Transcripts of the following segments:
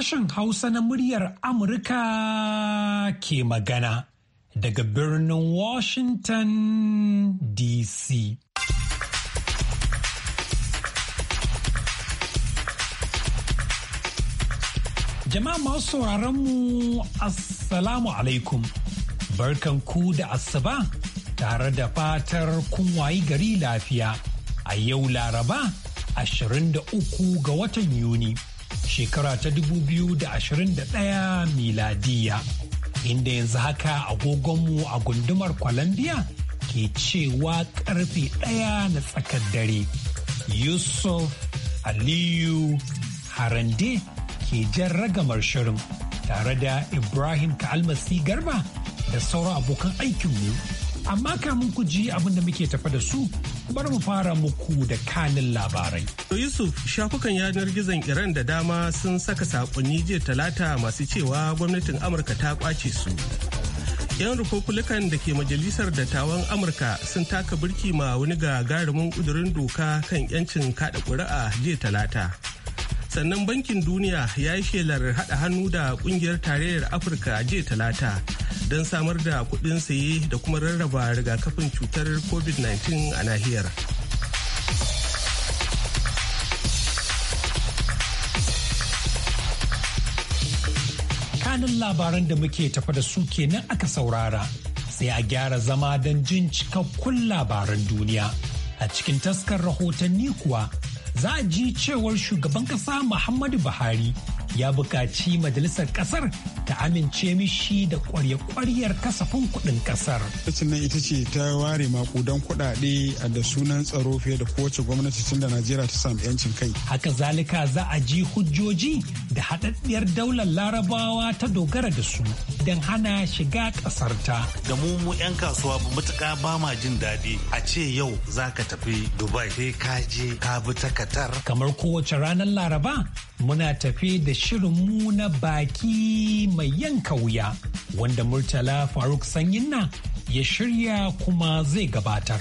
sashen Hausa na muryar Amurka ke magana daga birnin Washington DC. Jama'a masu mu Assalamu alaikum, barkan ku da asuba tare da fatar kun wayi gari lafiya a yau Laraba 23 ga watan Yuni. shekara ta 2021 miladiya inda yanzu haka agogonmu a gundumar Colombia ke cewa karfe ɗaya na tsakar dare. Yusuf Aliyu Harande ke jan ragamar shirin tare da Ibrahim Kalmasi Garba da sauran abokan aikinmu. Amma kamun ku ji abin da muke tafa da su bar mu fara muku da kanin labarai. To Yusuf shafukan yanar gizon Iran da dama sun saka saƙonni jiya talata masu cewa gwamnatin Amurka ta ƙwace su. 'yan republican da ke majalisar dattawan amurka sun taka birki ma wani gagarumin ƙudurin doka kan 'yancin kaɗa ƙuri'a jiya talata sannan bankin duniya ya yi shelar haɗa hannu da ƙungiyar tarayyar afirka jiya talata don samar da kuɗin saye da kuma rarraba rigakafin cutar covid-19 a nahiyar. kanin labaran da muke tafa da su kenan aka saurara sai a gyara zama don jin cikakkun labaran duniya a cikin taskar rahotanni kuwa za a ji cewar shugaban ƙasa muhammadu buhari ya buƙaci majalisar ƙasar. ta amince mishi da kwarya-kwaryar kasafin kuɗin ƙasar. Lokacin nan ita ce ta ware makudan kuɗaɗe da sunan tsaro fiye da kowace gwamnati tun da Najeriya ta samu 'yancin kai. Haka zalika za a ji hujjoji da haɗaɗɗiyar daular larabawa ta dogara da su don hana shiga ƙasar ta. Da mu mu 'yan kasuwa ba matuƙa ba ma jin daɗi a ce yau za ka tafi Dubai sai ka je ka bi ta Qatar. Kamar kowace ranar Laraba muna tafi da shirin mu na baki mai yanka wuya wanda Murtala Faruk Sanyinna ya shirya kuma zai gabatar.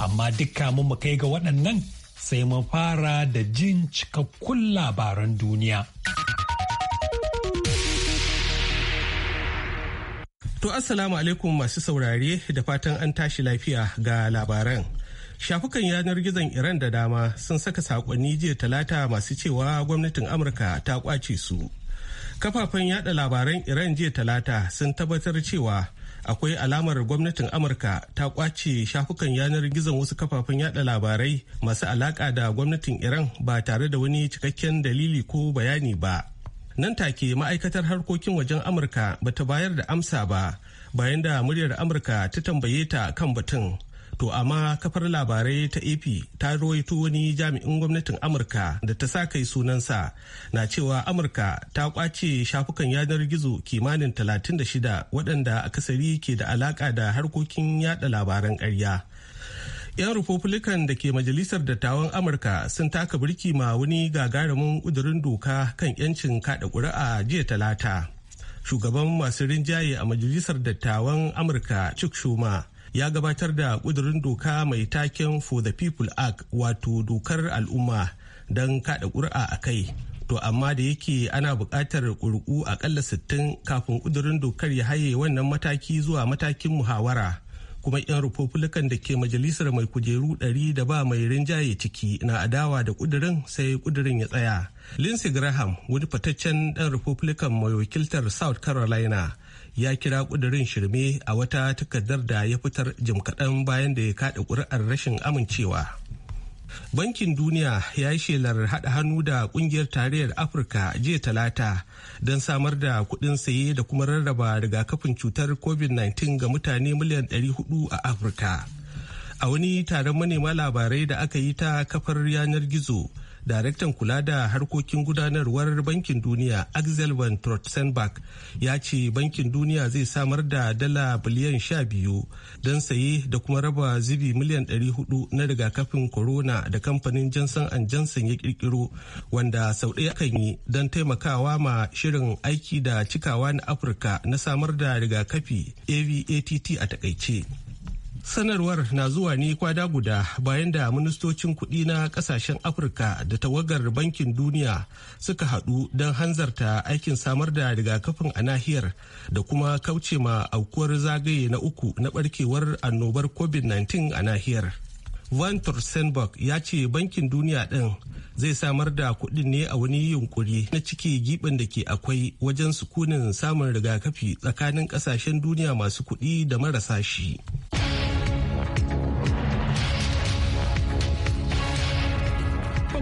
Amma dukka mu kai ga waɗannan sai mu fara da jin cikakkun labaran duniya. To Assalamu alaikum masu saurare da fatan an tashi lafiya ga labaran. Shafukan yanar gizon Iran da dama sun saka sakonni jiya talata masu cewa gwamnatin Amurka ta kwace su. kafafen yada labaran iran jiya talata sun tabbatar cewa akwai alamar gwamnatin amurka ta kwace shafukan yanar gizon wasu kafafen yada labarai masu alaka da gwamnatin iran ba tare da wani cikakken dalili ko bayani ba nan take ma'aikatar harkokin wajen amurka bata bayar da amsa ba bayan da muryar amurka ta tambaye ta kan batun To amma kafar labarai ta AP ta rawaito wani jami'in gwamnatin Amurka da ta sa kai sunansa na cewa Amurka ta kwace shafukan yanar gizo kimanin 36 waɗanda akasari ke da alaƙa da harkokin yada labaran ƙarya. 'yan republican da ke majalisar dattawan amurka sun taka birki ma wani gagarumin ƙudurin doka kan 'yancin kada ƙuri'a jiya talata shugaban masu rinjaye a majalisar dattawan amurka chuck schumer ya gabatar da kudurin doka mai taken for the people act wato dokar al'umma don kada ƙuri'a a kai to amma da yake ana buƙatar ƙuri'u aƙalla 60 kafin kudurin dokar ya haye wannan mataki zuwa matakin muhawara kuma 'yan republican da ke majalisar mai kujeru 100 da ba mai rinjaye ciki na adawa da kudurin sai kudurin ya tsaya lindsey graham wani fataccen dan republican mai wakiltar south carolina ya kira kudirin shirme a wata takardar da ya fitar jim kaɗan bayan da ya kaɗa ƙuri'ar rashin amincewa. Bankin Duniya ya yi shelar haɗa hannu da ƙungiyar tarayyar Afirka jiya talata don samar da kuɗin saye da kuma rarraba rigakafin cutar COVID-19 ga mutane miliyan 400 a Afirka. A wani taron manema labarai da aka yi ta kafar yanar gizo. daraktan kula da harkokin gudanarwar bankin duniya axel van trotzenberg ya ce bankin duniya zai samar da dala biliyan sha biyu don saye da kuma raba zubi miliyan 400 na rigakafin corona da kamfanin jansan and johnson ya kirkiro wanda sau ɗaya kan yi don taimakawa ma shirin aiki da cikawa na afirka na samar da rigakafi avatt a takaice Sanarwar na zuwa ne kwada guda bayan da ministocin kuɗi na ƙasashen Afirka da tawagar Bankin Duniya suka haɗu don hanzarta aikin samar da rigakafin a nahiyar da kuma kauce ma aukuwar zagaye na uku na barkewar annobar COVID-19 a nahiyar. Van torsenburg ya ce Bankin Duniya ɗin zai samar da kuɗin ne a wani yunkuri na ciki giɓin da ke akwai wajen sukunin samun rigakafi tsakanin ƙasashen duniya masu kuɗi da marasa shi.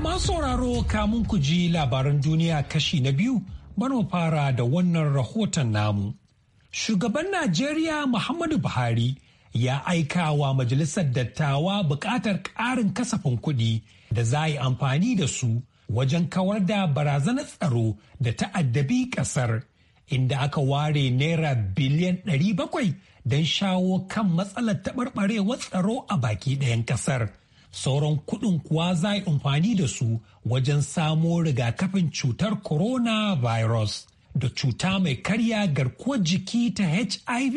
masu sauraro kamun ku ji labaran duniya kashi na biyu bano fara da wannan rahoton namu. Shugaban Najeriya Muhammadu Buhari ya aika wa Majalisar Dattawa buƙatar ƙarin kasafin kuɗi da za yi amfani da su wajen kawar da barazanar tsaro da ta'addabi ƙasar, inda aka ware Naira biliyan 700 don shawo kan matsalar taɓarɓarewar tsaro a baki ɗayan ƙasar. sauran kuɗin kuwa za a yi amfani da su wajen samo rigakafin cutar coronavirus da cuta mai karya garkuwar jiki ta hiv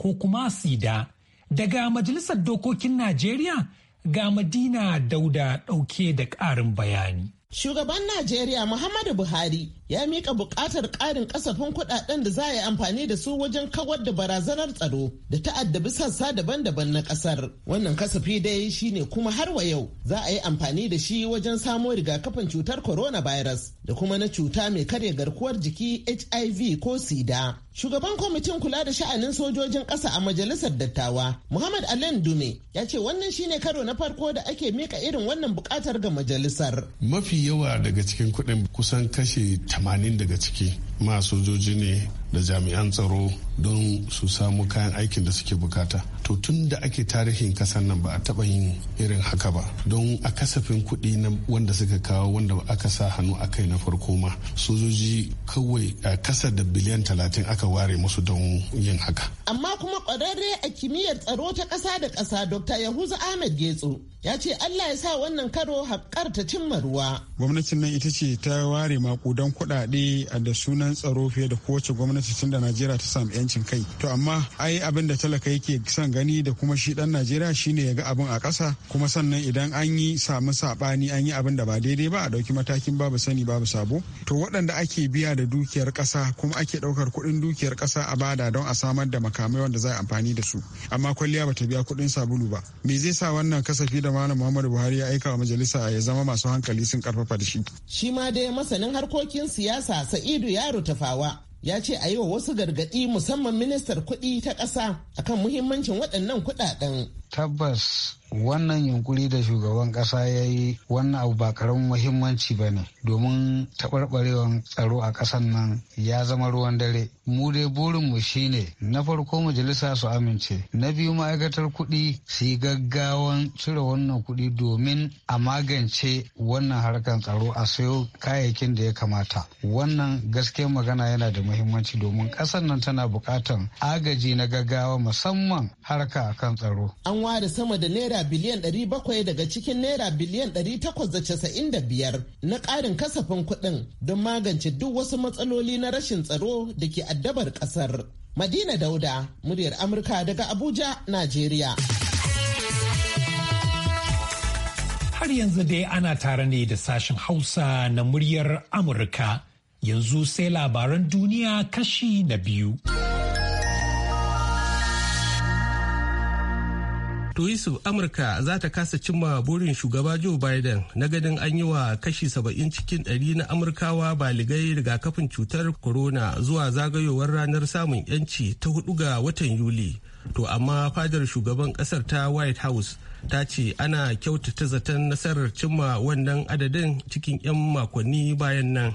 ko kuma sida daga majalisar dokokin najeriya ga madina dauda ɗauke da ƙarin bayani Shugaban Najeriya Muhammadu Buhari ya mika bukatar ƙarin kasafin kuɗaɗen da za a yi amfani da su wajen kawar da barazanar tsaro da ta'addabi sassa daban-daban na ƙasar. Wannan kasafi dai shine kuma har wa yau za a yi amfani da shi wajen samo rigakafin cutar coronavirus da kuma na cuta mai karya garkuwar jiki HIV ko sida. Shugaban kwamitin kula da sha'anin sojojin ƙasa a majalisar dattawa Muhammad Alain Dume ya ce wannan shine karo na farko da ake mika irin wannan buƙatar ga majalisar. Mafi yawa daga cikin kuɗin kusan kashe tamanin daga ciki ma sojoji ne da jami'an tsaro don su samu kayan aikin da suke bukata to tun da ake tarihin kasan nan ba a taba yin irin haka ba don a kasafin kuɗi na wanda suka kawo wanda aka sa hannu a kai na farko ma sojoji kawai a kasa da biliyan talatin aka ware musu don yin haka amma kuma kwararre a kimiyyar tsaro ta ƙasa da ƙasa dr yahuza ahmed getso ya ce allah ya sa wannan karo haƙar ta cimma ruwa gwamnatin nan ita ce ta ware makudan kuɗaɗe da sunan jami'an tsaro fiye da kowace gwamnati tun da najeriya ta samu yancin kai to amma ai abin da talaka yake son gani da kuma shi dan najeriya shine ya ga abin a ƙasa kuma sannan idan an yi samu saɓani an yi abin da ba daidai ba a ɗauki matakin babu sani babu sabo to waɗanda ake biya da dukiyar ƙasa kuma ake ɗaukar kuɗin dukiyar ƙasa a bada don a samar da makamai wanda za a amfani da su amma kwalliya ba ta biya kuɗin sabulu ba me zai sa wannan kasafi da malam muhammadu buhari ya aika wa majalisa ya zama masu hankali sun karfafa da shi shi ma dai masanin harkokin siyasa sa'idu ya Umaru Tafawa ya ce a yi wa wasu gargaɗi musamman ministar kuɗi ta ƙasa akan muhimmancin waɗannan kuɗaɗen. Tabbas wannan yunkuri da shugaban kasa ya yi wannan abu ba karamin muhimmanci ba ne domin taɓarɓarewan tsaro a ƙasan nan ya zama ruwan dare mu dai burinmu shine na farko majalisa su amince na biyu ma'aikatar kuɗi su yi gaggawan cire wannan kuɗi domin a magance wannan harkar tsaro a sayo kayayyakin da ya kamata wannan gaskiyar magana yana da muhimmanci domin ƙasar nan tana buƙatan agaji na gaggawa musamman harka akan tsaro an ware sama da naira naira biliyan 700 daga cikin naira biliyan 895 na ƙarin kasafin kuɗin don magance duk wasu matsaloli na rashin tsaro da ke addabar ƙasar. Madina Dauda, muryar Amurka daga Abuja, Najeriya. Har yanzu dai ana tare ne da sashen Hausa na muryar Amurka. Yanzu sai labaran duniya kashi na biyu. To Yusuf Amurka za ta kasa cimma burin shugaba Joe Biden na ganin an yi wa kashi saba'in cikin ɗari na Amurkawa baligai rigakafin cutar corona zuwa zagayowar ranar samun 'yanci ta hudu ga watan Yuli. To amma fadar shugaban ƙasar ta White House ta ce ana kyautata zaton nasarar cimma wannan adadin cikin 'yan makonni bayan nan.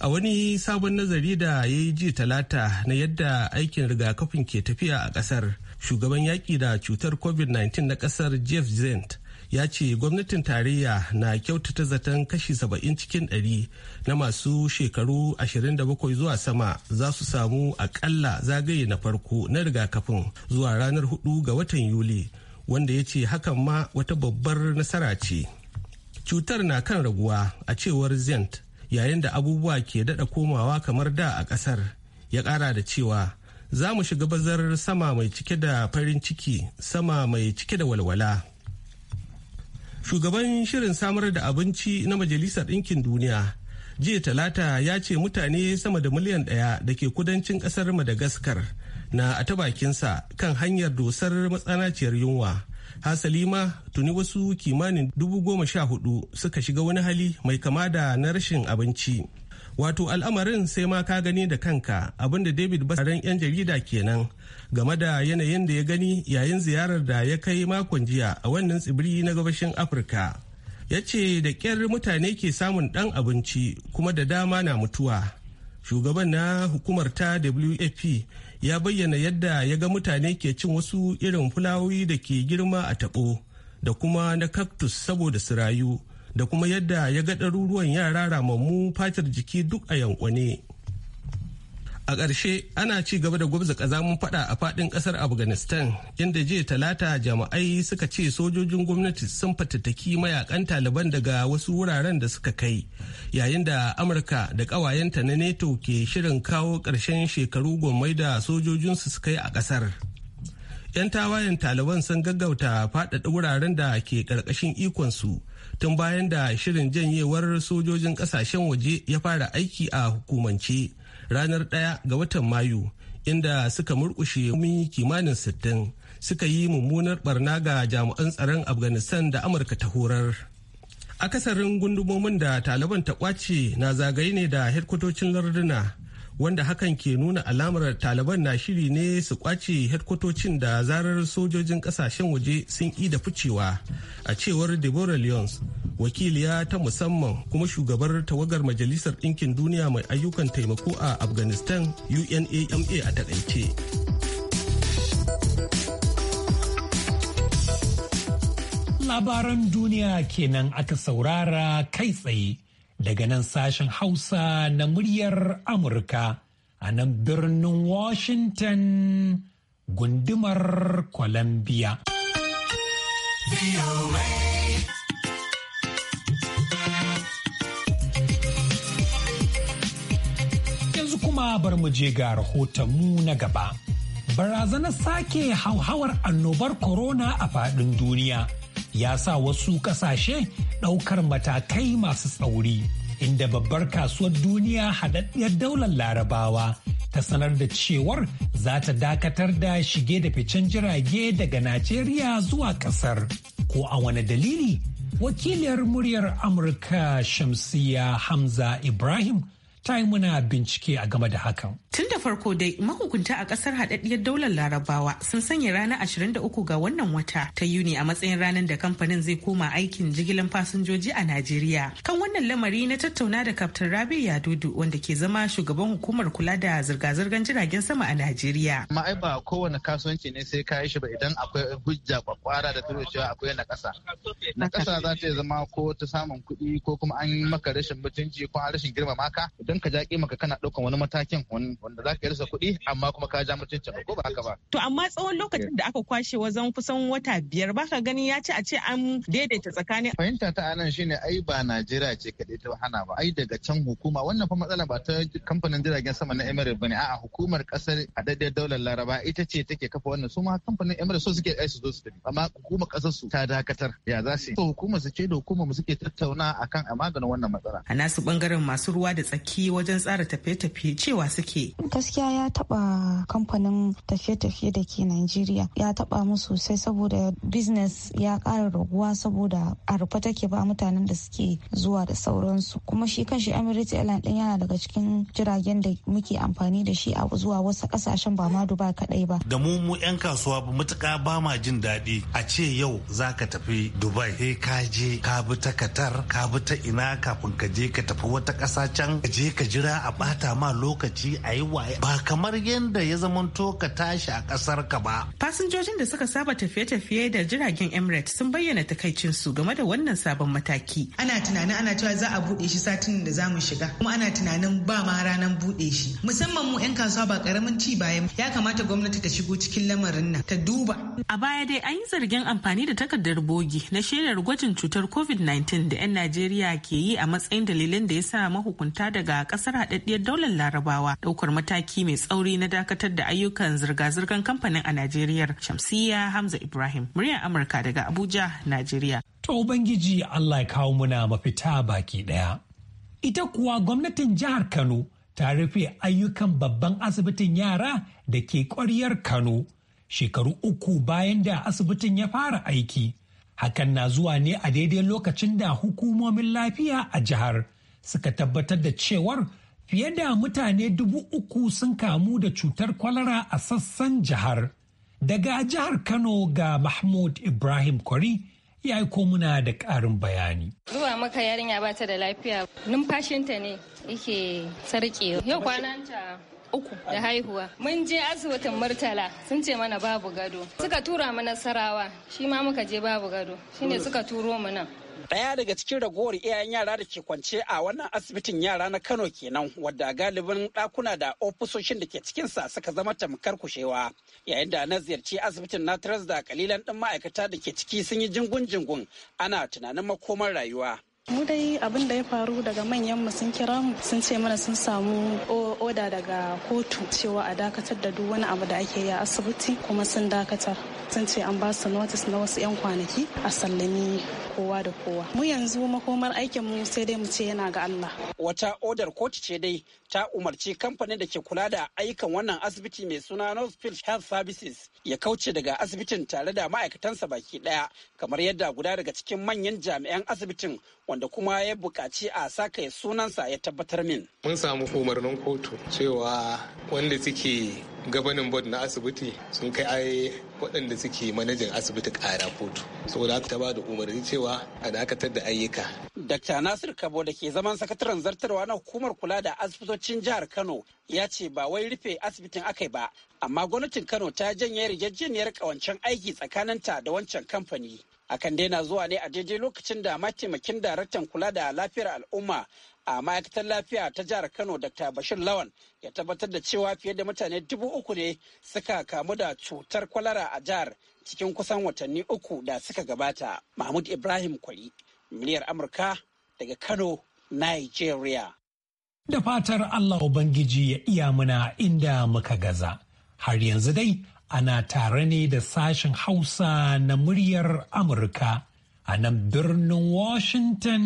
a wani sabon nazari da ya yi ji talata na yadda aikin rigakafin ke tafiya a ƙasar. shugaban yaƙi da cutar covid-19 na ƙasar jeff zent ya ce gwamnatin tarayya na kyautata zaton kashi 70 cikin 100 na masu shekaru 27 zuwa sama za su samu akalla zagaye na farko na rigakafin zuwa ranar 4 ga watan yuli wanda ya ce hakan ma wata babbar nasara ce cutar na kan raguwa a cewar zent yayin da abubuwa ke dada komawa kamar da a kasar ya kara da cewa za mu shiga bazar sama mai cike da farin ciki sama mai cike da walwala shugaban shirin samar da abinci na majalisar ɗinkin duniya jiya talata ya ce mutane sama da miliyan ɗaya da ke kudancin ƙasar madagascar na a ta bakinsa kan hanyar dosar matsanaciyar yunwa hasali ma tuni wasu kimanin dubu goma sha hudu suka shiga wani hali mai kama da na rashin abinci wato al'amarin sai ma ka gani da kanka abinda david ran 'yan jarida kenan game da yanayin da ya gani yayin ziyarar da ya kai makon jiya a wannan tsibiri na gabashin afirka ya ce da ƙyar mutane ke samun ɗan abinci kuma da dama na mutuwa shugaban na hukumar ta wfp ya bayyana yadda ya ga mutane ke cin wasu irin fulawoyi da ke girma a taɓo da kuma na cactus saboda su rayu da kuma yadda ya ga ɗaruruwan yara ramammu fatar jiki duk a yankwane. a ƙarshe ana ci gaba da gwabza ƙazamin faɗa a faɗin ƙasar afghanistan inda jiya talata jama'ai suka ce sojojin gwamnati sun fatattaki mayakan taliban daga wasu wuraren da suka kai yayin da amurka da ƙawayenta na NATO ke shirin kawo ƙarshen shekaru gwamai da sojojinsu suka yi a ƙasar 'yan tawayen taliban sun gaggauta faɗaɗa wuraren da ke ƙarƙashin ikonsu tun bayan da shirin janyewar sojojin kasashen waje ya fara aiki a hukumance ranar ɗaya ga watan mayu inda suka murkushe mun kimanin sittin suka yi mummunar barna ga jami'an tsaron afghanistan da amurka ta horar akasarin gundumomin da taliban ta kwace na zagaye ne da hedkwatocin larduna wanda hakan ke nuna alamar taliban na shiri ne su kwace hedkwatocin da zarar sojojin kasashen waje sun da ficewa a cewar deborah lyons wakiliya ta musamman kuma shugabar tawagar majalisar ɗinkin duniya mai ayyukan taimako a afghanistan unama a takaice labaran duniya kenan aka saurara kai tsaye daga nan sashen Hausa na muryar Amurka a nan birnin Washington gundumar Columbia. Yanzu kuma bar mu je ga rahotonmu na gaba. Barazanar sake hauhawar annobar corona a faɗin duniya. ya sa wasu ƙasashe ɗaukar matakai masu tsauri inda babbar kasuwar duniya haɗaɗɗiyar daular larabawa ta sanar da cewar za ta dakatar da shige da ficen jirage daga najeriya zuwa ƙasar ko a wani dalili wakiliyar muryar amurka shamsiya hamza ibrahim ta yi muna bincike a game da hakan. Tun da farko dai mahukunta a kasar haɗaɗɗiyar daular larabawa sun sanya ranar 23 ga wannan wata ta Yuni a matsayin ranar da kamfanin zai koma aikin jigilan fasinjoji a Najeriya. Kan wannan lamari na tattauna da Kaftin Rabi Yadudu wanda ke zama shugaban hukumar kula da zirga-zirgar jiragen sama a Najeriya. Ma ba kowane kasuwanci ne sai ka yi shi ba idan akwai hujja kwakwara da turo cewa akwai na kasa. Na kasa za ta zama ko ta samun kuɗi ko kuma an yi maka rashin mutunci ko an rashin girmama ka. don ka ja maka kana ɗaukan wani matakin wanda za ka rasa kuɗi amma kuma ka ja mutuncin ko ba haka ba. To amma tsawon lokacin da aka kwashe wajen kusan wata biyar baka gani ya ce a ce an daidaita tsakanin. Fahimta ta anan shine ai ba Najeriya ce kaɗai ta hana ba ai daga can hukuma wannan fa matsala ba ta kamfanin jiragen sama na Emirates bane a'a hukumar kasar haɗaɗɗiyar daular Laraba ita ce take kafa wannan su ma kamfanin Emirates so suke ai su zo su tafi amma hukumar kasar su ta dakatar ya za su yi. Hukumar su ce da hukumar mu suke tattauna akan a maganin wannan matsala. A nasu bangaren masu ruwa da tsaki ciki wajen tsara tafiye-tafiye cewa suke. Gaskiya ya taɓa kamfanin tafiye-tafiye da ke Najeriya ya taɓa mu sosai saboda business ya kara raguwa saboda a rufe take ba mutanen da suke zuwa da sauransu. Kuma shi kanshi Emirates Airline ɗin yana daga cikin jiragen da muke amfani da shi a zuwa wasu kasashen ba ma Dubai kaɗai ba. Da mu mu 'yan kasuwa ba matuƙa ba ma jin daɗi a ce yau za ka tafi Dubai sai eh, ka je ka bi ta Qatar ka bi ta ina kafin ka je ka tafi wata ƙasa can ka je ka jira a bata ma lokaci a yi waye ba kamar yadda ya zamanto ka tashi a kasar ka ba. Fasinjojin da suka saba tafiye-tafiye da jiragen Emirates sun bayyana su game da wannan sabon mataki. Ana tunanin ana cewa za a buɗe shi satin da za mu shiga kuma ana tunanin ba ma ranar buɗe shi. Musamman mu 'yan kasuwa ba karamin ci bayan ya kamata gwamnati ta shigo cikin lamarin nan ta duba. A baya dai an yi zargin amfani da takardar bogi na shaidar gwajin cutar COVID-19 da 'yan Najeriya ke yi a matsayin dalilin da ya sa mahukunta daga a kasar haɗaɗɗiyar daular larabawa ɗaukar mataki mai tsauri na dakatar da ayyukan zirga-zirgar kamfanin a najeriya shamsiya hamza ibrahim muryar amurka daga abuja najeriya to ubangiji allah ya kawo muna mafita baki ɗaya ita kuwa gwamnatin jihar kano ta rufe ayyukan babban asibitin yara da ke ƙwaryar kano shekaru uku bayan da asibitin ya fara aiki hakan na zuwa ne a daidai lokacin da hukumomin lafiya a jihar suka tabbatar da cewar fiye da mutane dubu uku sun kamu da cutar kwalara a sassan jihar. Daga jihar Kano ga Mahmud Ibrahim Kwari ya yi komuna da ƙarin bayani. Zuwa maka yarinya ba ta da lafiya numfashinta ne yake sarki Yau kwananta uku da haihuwa. Mun je asibitin Murtala sun ce mana babu gado. Suka tura mu nasarawa shi ma muka je babu gado. Shine suka turo mu Daya daga cikin ragowar iyayen yara da ke kwance a wannan asibitin yara na Kano kenan wadda galibin dakuna da ofisoshin da ke cikinsa suka zama tamkar kushewa. Yayin da na ziyarci asibitin na da kalilan din ma'aikata da ke ciki sun yi jingun-jingun ana tunanin makoman rayuwa. mu dai abin da ya faru daga manyan mu sun kira mu sun ce mana sun samu oda daga kotu cewa a dakatar da duk wani abu da ake yi a asibiti kuma sun dakatar kasance an ba su notice na wasu 'yan kwanaki a sallami kowa da kowa mu yanzu makomar aikin mu sai dai mu ce yana ga Allah wata odar kotu ce dai ta umarci kamfanin da ke kula da ayyukan wannan asibiti mai suna Northfield Health Services ya kauce daga asibitin tare da ma'aikatansa baki daya kamar yadda guda daga cikin manyan jami'an asibitin wanda kuma ya buƙaci a saka sunansa ya tabbatar min mun samu umarnin kotu cewa wanda suke gabanin board na asibiti sun kai ai waɗanda suke manajan asibiti ƙara kotu saboda haka ta ba da umarni cewa a dakatar da ayyuka. Dr. Nasir Kabo da ke zaman sakataren zartarwa na hukumar kula da asibitocin jihar Kano ya ce ba wai rufe asibitin aka ba amma gwamnatin Kano ta janye yarjejeniyar kawancen aiki tsakaninta da wancan kamfani. Akan daina zuwa ne a daidai lokacin da mataimakin daraktan kula da lafiyar al'umma a ma'aikatar lafiya ta jihar Kano Dr. Bashir Lawan ya tabbatar da cewa fiye da mutane dubu uku ne suka kamu da cutar kwalara a jihar cikin kusan watanni uku da suka gabata. Mahmud Ibrahim Kwari, miliyar Amurka daga Kano, Nigeria. Da fatar Allah Ubangiji ya iya muna inda muka gaza. Har yanzu dai ana tare ne da sashen Hausa na muryar Amurka a nan birnin Washington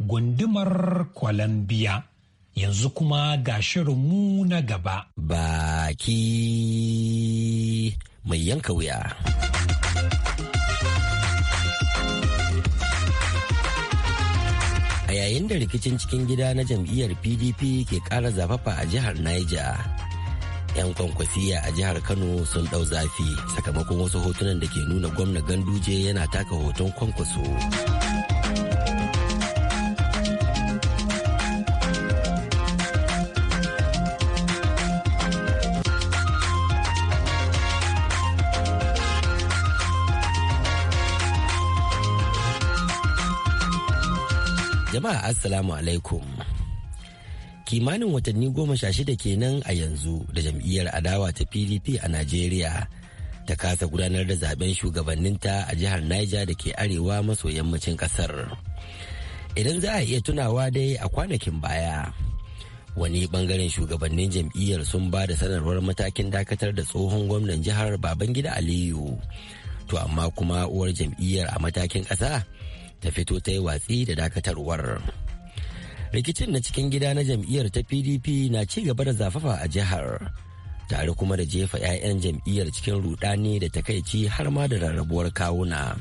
gundumar Columbia. Yanzu kuma ga mu na gaba. Baki mai yanka wuya. A yayin da rikicin cikin gida na jam'iyyar PDP ke ƙara zafafa a jihar Niger. 'yan kwankwasiya a jihar kano sun ɗau zafi sakamakon wasu hotunan da ke nuna gwamna ganduje yana taka hoton kwankwaso jama'a assalamu alaikum kimanin watanni goma sha shida kenan a yanzu da jam'iyyar adawa ta pdp a najeriya ta kasa gudanar da zaben shugabanninta a jihar niger da ke arewa maso yammacin kasar idan za a iya tunawa dai a kwanakin baya wani bangaren shugabannin jam'iyyar sun ba da sanarwar matakin dakatar da tsohon gwamnan jihar babangida aliyu to amma kuma uwar jam'iyyar a matakin ƙasa ta fito ta yi watsi da dakatarwar. rikicin na cikin gida na jam'iyyar ta pdp na ci gaba da zafafa a jihar tare kuma da jefa 'ya'yan jam'iyyar cikin rudani da takaici har ma da rarrabuwar kawuna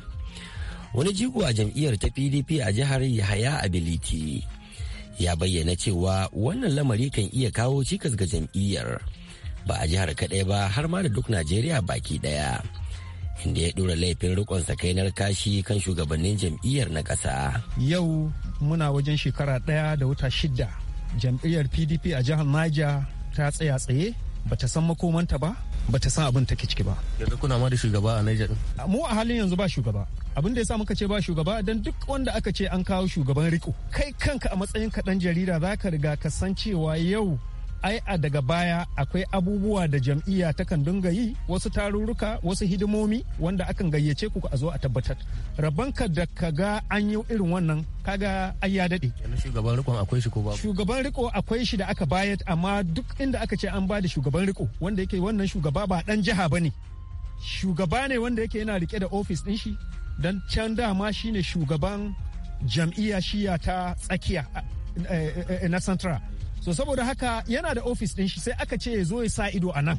wani jigo a jam'iyyar ta pdp a jihar yahaya abiliti ya bayyana cewa wannan lamari kan iya kawo cikas ga jam'iyyar ba a jihar kaɗai ba har ma da duk najeriya baki ɗaya. inda ya ɗora laifin rikon sakainar kashi kan shugabannin jam'iyyar na ƙasa. Yau muna wajen shekara ɗaya da wata shida jam'iyyar PDP a jihar Naija ta tsaya tsaye bata san makomanta ba bata san abin take ciki ba. Yanzu kuna ma da shugaba a Niger Mu a halin yanzu ba shugaba. Abin da sa muka ce ba shugaba don duk wanda aka ce an kawo shugaban riko. Kai kanka a matsayin kaɗan dan jarida zaka riga ka san cewa yau ai a daga baya akwai abubuwa da jam'iyya kan dinga yi wasu tarurruka wasu hidimomi wanda akan gayyace ku a zo a tabbatar rabanka da ka ga an yi irin wannan kaga ai ya daɗe shugaban riko akwai shi ko ba shugaban riko akwai shi da aka bayar amma duk inda aka ce an bada shugaban riko wanda yake wannan shugaba ba dan jiha bane shugaba ne wanda yake yana rike da ofis din shi dan can dama shine shugaban jam'iyya shiya ta tsakiya eh, eh, eh, na central so saboda haka yana da ofis din shi sai aka ce ya zo ya sa ido a nan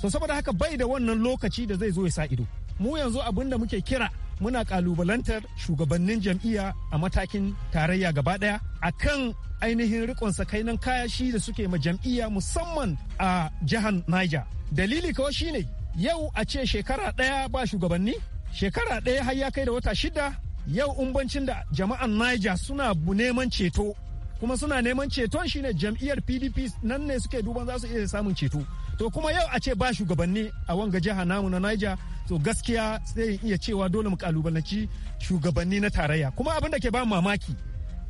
so saboda haka bai da wannan lokaci da zai zo ya sa ido mu yanzu abin da muke kira muna kalubalantar shugabannin jam'iyya a matakin tarayya gaba daya a kan ainihin rikon sakainan kaya shi da suke ma jam'iyya musamman a jihar niger dalili kawai shine yau a ce shekara daya ba shugabanni shekara daya har ya kai da wata shida yau umbancin da jama'an niger suna neman ceto kuma suna neman ceton ne jam'iyyar pdp nan ne suke duban za su iya samun ceto to kuma yau a ce ba shugabanni a wanga jiha namu na niger to gaskiya sai iya cewa dole mu kalubalanci shugabanni na tarayya kuma abin da ke ba mamaki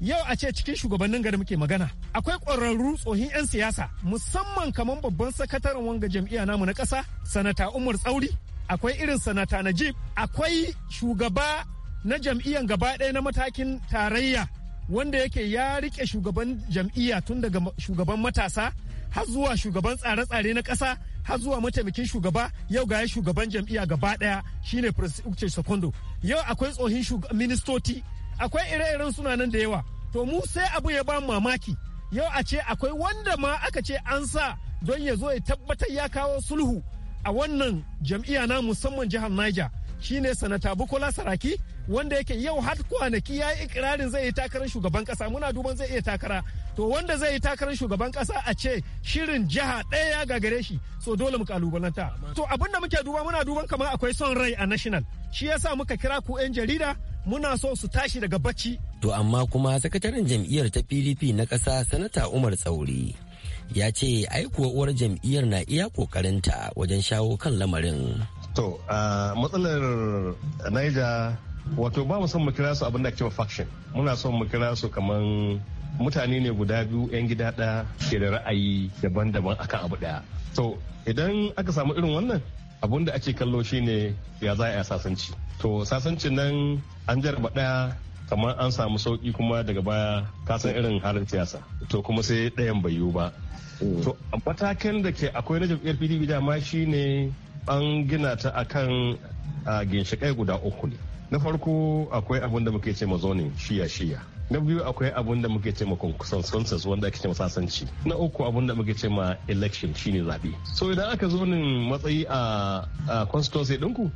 yau a ce cikin shugabannin gari muke magana akwai kwararru tsohin 'yan siyasa musamman kamar babban sakataren wanga jam'iyya namu na kasa sanata umar tsauri akwai irin sanata najib akwai shugaba na jam'iyyan gaba ɗaya na matakin tarayya wanda yake ya rike shugaban jam'iyya tun daga shugaban matasa har zuwa shugaban tsare-tsare na ƙasa har zuwa mataimakin shugaba yau ga shugaban jam'iyya gaba ɗaya shine president secondo yau akwai tsohin ministoci akwai ire-iren suna nan da yawa to mu sai abu ya ba mamaki yau a ce akwai wanda ma aka ce an sa don ya zo ya tabbatar ya kawo sulhu a wannan jam'iyya na musamman jihar niger shine sanata bukola saraki wanda yake yau har kwanaki ya yi ikirarin zai yi takarar shugaban kasa muna duban zai iya takara to wanda zai yi takarar shugaban kasa a ce shirin jiha ɗaya ya gagare shi so dole mu kalubalanta to abin da muke duba muna duban kamar akwai son rai a national shi yasa muka kira ku 'yan jarida muna so su tashi daga bacci to amma kuma sakataren jam'iyyar ta pdp na ƙasa sanata umar tsauri ya ce aikuwa uwar jam'iyyar na iya ƙoƙarinta wajen shawo kan lamarin To, matsalar Niger wato ba mu son mu kira su abin da cewa faction muna son mu kira su kaman mutane ne guda biyu 'yan gida ɗaya ke da ra'ayi daban-daban akan abu ɗaya. To, idan aka samu irin wannan abun da ake kallo shine ya za a sasanci. To, sasancin nan an jarba ɗaya kamar an samu sauki kuma daga baya kasan irin halin siyasa to kuma sai ɗayan bai yiwu ba mm. to matakin da ke akwai na jam'iyyar pdp dama shine an gina ta a kan ginshikai guda uku ne na farko akwai abin da muke ce zonin shiya shiya na biyu akwai abin da muke ce ma consensus wanda ake ce sasanci na uku abin da muke ce ma election shine zabe so idan aka zo nin matsayi a constituency dinku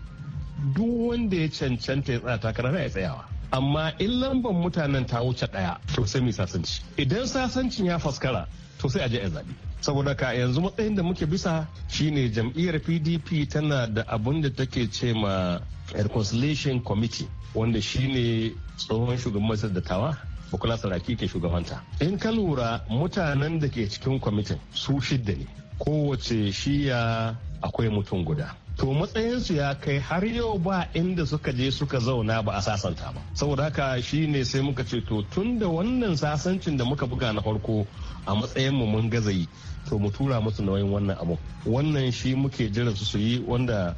duk wanda ya cancanta ya tsaya takara ya tsayawa amma in lambar mutanen ta wuce daya to sai mu sasanci idan sasancin ya faskara to sai a je a zabe saboda ka yanzu matsayin da muke bisa shine jam'iyyar pdp tana da abun da take ce ma reconciliation committee wanda shine tsohon shugaban da dattawa bukula saraki ke shugabanta in ka lura mutanen da ke cikin kwamitin su shidda ne kowace shiya akwai mutum guda to matsayinsu ya kai har yau ba inda suka je suka zauna ba a sasanta ba saboda haka shi ne sai muka ce to tun da wannan sasancin da muka buga na farko a matsayin mu mun gazayi to mu tura musu nauyin wannan abu wannan shi muke jira su yi wanda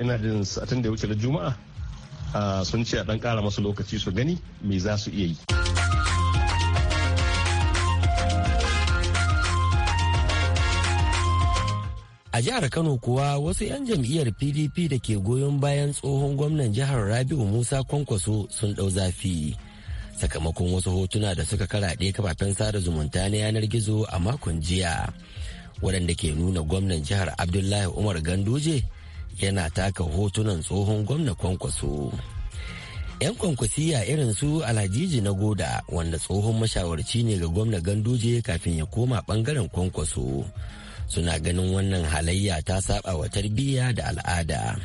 ina jin satin da ya wuce da juma'a sun ce a dan kara masu lokaci su gani me za su iya yi. a jihar kano kuwa wasu 'yan jam'iyyar pdp da ke goyon bayan tsohon gwamnan jihar rabiu musa kwankwaso sun ɗau zafi sakamakon wasu hotuna da suka kara karaɗe kafafen sada zumunta na yanar gizo a makon jiya waɗanda ke nuna gwamnan jihar abdullahi umar ganduje yana taka hotunan tsohon gwamna kwankwaso 'yan kwankwasiya irin su alhajiji na goda wanda tsohon mashawarci ne ga gwamna ganduje kafin ya koma bangaren kwankwaso suna ganin wannan halayya ta saba wa tarbiyya da al'ada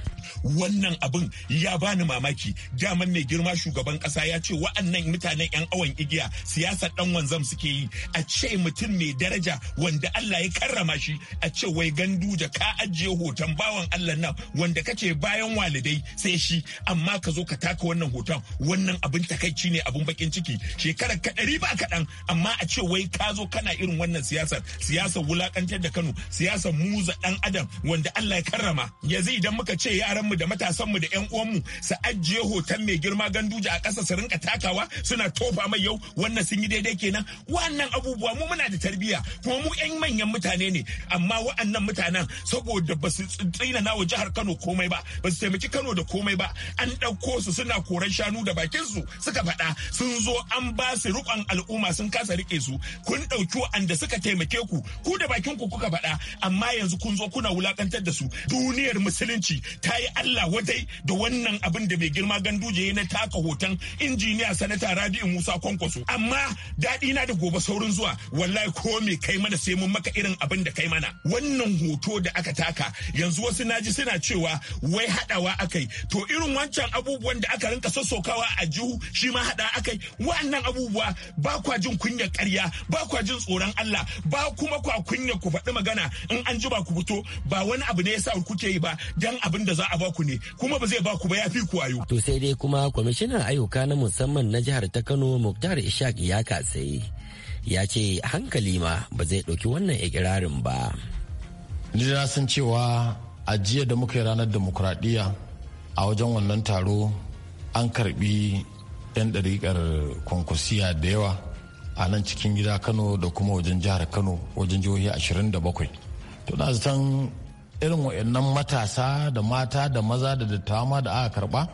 wannan abin ya bani mamaki daman mai girma shugaban kasa ya ce wa'annan mutanen yan awon igiya siyasar dan wanzam suke yi a ce mutum mai daraja wanda Allah ya karrama shi a ce wai ganduja ka ajiye hoton bawan Allah nan wanda kace bayan walidai sai shi amma ka zo ka taka wannan hoton wannan abin takaici ne abin bakin ciki shekarar ka dari ba kaɗan amma a ce wai ka zo kana irin wannan siyasar siyasar wulakantar da Kano siyasar muza dan adam wanda Allah ya karrama yanzu idan muka ce ya yaranmu da matasanmu da yan uwanmu su ajiye hoton mai girma ganduja a ƙasa su rinka takawa suna tofa mai yau wannan sun yi daidai kenan wannan abubuwa mu muna da tarbiyya kuma mu yan manyan mutane ne amma wa'annan mutanen saboda ba su tsina wa jihar Kano komai ba ba su taimaki Kano da komai ba an ɗauko su suna koran shanu da bakin su suka faɗa sun zo an ba su rukon al'umma sun kasa rike su kun ɗauki wa'anda suka taimake ku ku da bakin ku kuka faɗa amma yanzu kun zo kuna wulakantar da su duniyar musulunci ta yi Allah wadai da wannan abin da mai girma ganduje na taka hoton injiniya sanata Rabi'u Musa Kwankwaso amma daɗi na da gobe saurin zuwa wallahi ko me kai mana sai mun maka irin abin da kai mana wannan hoto da aka taka yanzu wasu naji suna cewa wai hadawa akai to irin wancan abubuwan da aka rinka sassokawa a jihu shi ma hada akai wa'annan abubuwa ba kwa jin kunyar ƙarya ba kwa jin tsoron Allah ba kuma kwa kunya ku faɗi magana in an ji ba ku fito ba wani abu ne yasa kuke yi ba dan abin da za a baku ne kuma ba zai baku ba ya fi ku ayo. To sai dai kuma kwamishinan ayyuka na musamman na jihar ta Kano Muktar Ishaq ya katse ya ce hankali ma ba zai ɗauki wannan ikirarin ba. Ni na san cewa a jiya da muka yi ranar demokuraɗiyya a wajen wannan taro an karbi 'yan ɗariƙar kwankwasiya da yawa a nan cikin gida kano da kuma wajen jihar kano wajen jihohi 27 to na zaton irin wa'annan matasa da mata da maza da dattawa da aka karba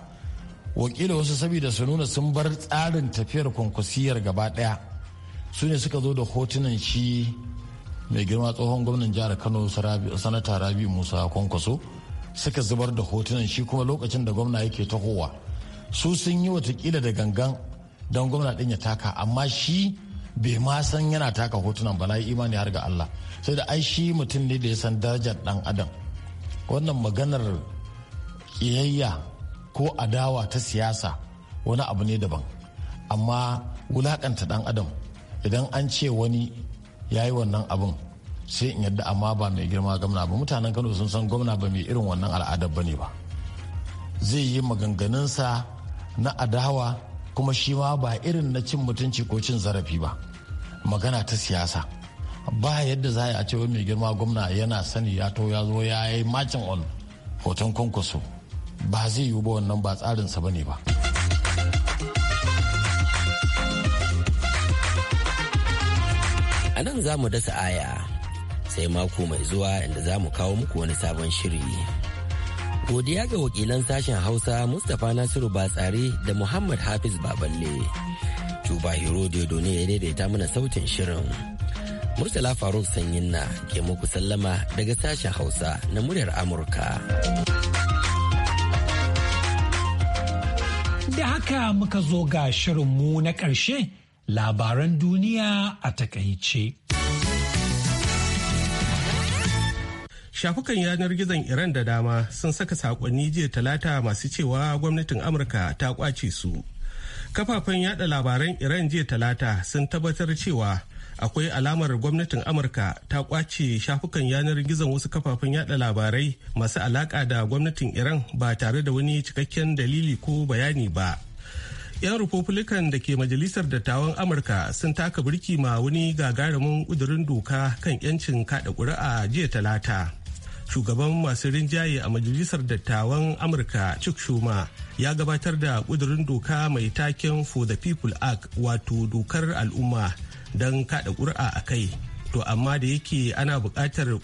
wakila wasu saboda su nuna sun bar tsarin tafiyar kwankwasiyar gaba daya su ne suka zo da hotunan shi mai girma tsohon gwamnan jihar kano sanata rabi musa kwankwaso suka zubar da hotunan shi kuma lokacin da gwamna yake tahowa su sun yi watakila da gangan don gwamna din ya taka amma shi bai ma san yana taka hotunan ba na imani har ga Allah sai da ai shi mutum ne da ya san darajar dan adam wannan maganar kiyayya ko adawa ta siyasa wani abu ne daban amma wulakanta dan adam idan an ce wani ya yi wannan abun sai in yadda amma ba mai girma gwamna ba mutanen kano sun san gwamna ba mai irin wannan al'adar ba ne ba zai yi maganganunsa na adawa kuma shi ma ba irin na cin mutunci ko cin zarafi ba magana ta siyasa ba yadda za a ce wai mai girma gwamna yana sani ya to ya zo ya yi macin on hoton kwankwaso ba zai yiwu ba wannan ba tsarinsa ba ne ba a nan za mu dasa aya sai mako mai zuwa inda za mu kawo muku wani sabon shiri Godiya ga wakilan sashen Hausa Mustapha Nasiru Batsari da Muhammad Hafiz Baballe. Tuba Hero Doni ya daidaita mana sautin shirin. Murtala Faruk Sanyin na ke muku sallama daga sashen Hausa na muryar Amurka. Da haka muka zo ga shirinmu na ƙarshe labaran duniya a takaice. shafukan yanar gizon iran da dama sun saka sakonni jiya talata masu cewa gwamnatin amurka ta kwace su kafafen yada labaran iran jiya talata sun tabbatar cewa akwai alamar gwamnatin amurka ta kwace shafukan yanar gizon wasu kafafen yada labarai masu alaka da gwamnatin iran ba tare da wani cikakken dalili ko bayani ba yan republican da ke majalisar dattawan amurka sun taka birki ma wani gagarumin ƙudurin doka kan 'yancin kada ƙuri'a jiya talata shugaban masu rinjaye a majalisar dattawan amurka chuck schumer ya gabatar da kudurin doka mai taken for the people act wato dokar al'umma don kada ƙuri'a a kai to amma da yake ana buƙatar a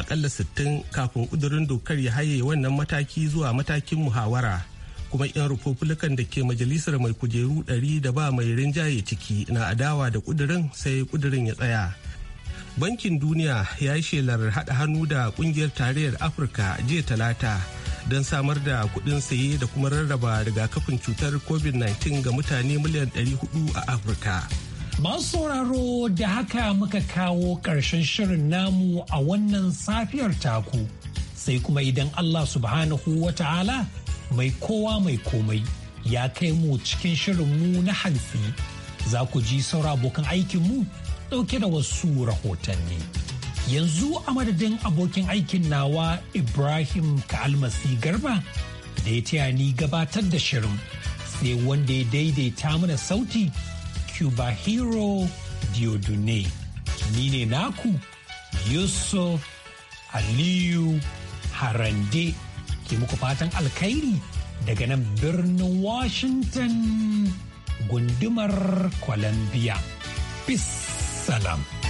aƙalla 60 kafin ƙudurin dokar ya haye wannan mataki zuwa matakin muhawara kuma 'yan republican da ke majalisar mai kujeru 100 da ba mai rinjaye ciki na adawa da ƙudurin sai ƙudurin ya tsaya bankin duniya ya yi shelar haɗa hannu da ƙungiyar tarayyar afirka jiya talata don samar da kuɗin saye da kuma rarraba rigakafin cutar covid-19 ga mutane miliyan 400 a afirka masu sauraro da haka muka kawo ƙarshen shirin namu a wannan safiyar taku sai kuma idan allah subhanahu wa ta'ala mai kowa mai komai ya kai mu cikin shirin mu na hantsi za ku ji saura abokan aikinmu ɗauke da wasu rahotanni. Yanzu a madadin abokin aikin nawa Ibrahim Ka'almasi Garba da ya taya ni gabatar da shirin sai wanda ya daidaita mana sauti Cuba Hero Diodune. Ni ne naku Yusuf Aliyu Harande ke muku fatan alkhairi daga nan birnin Washington gundumar Columbia. Peace. Salam.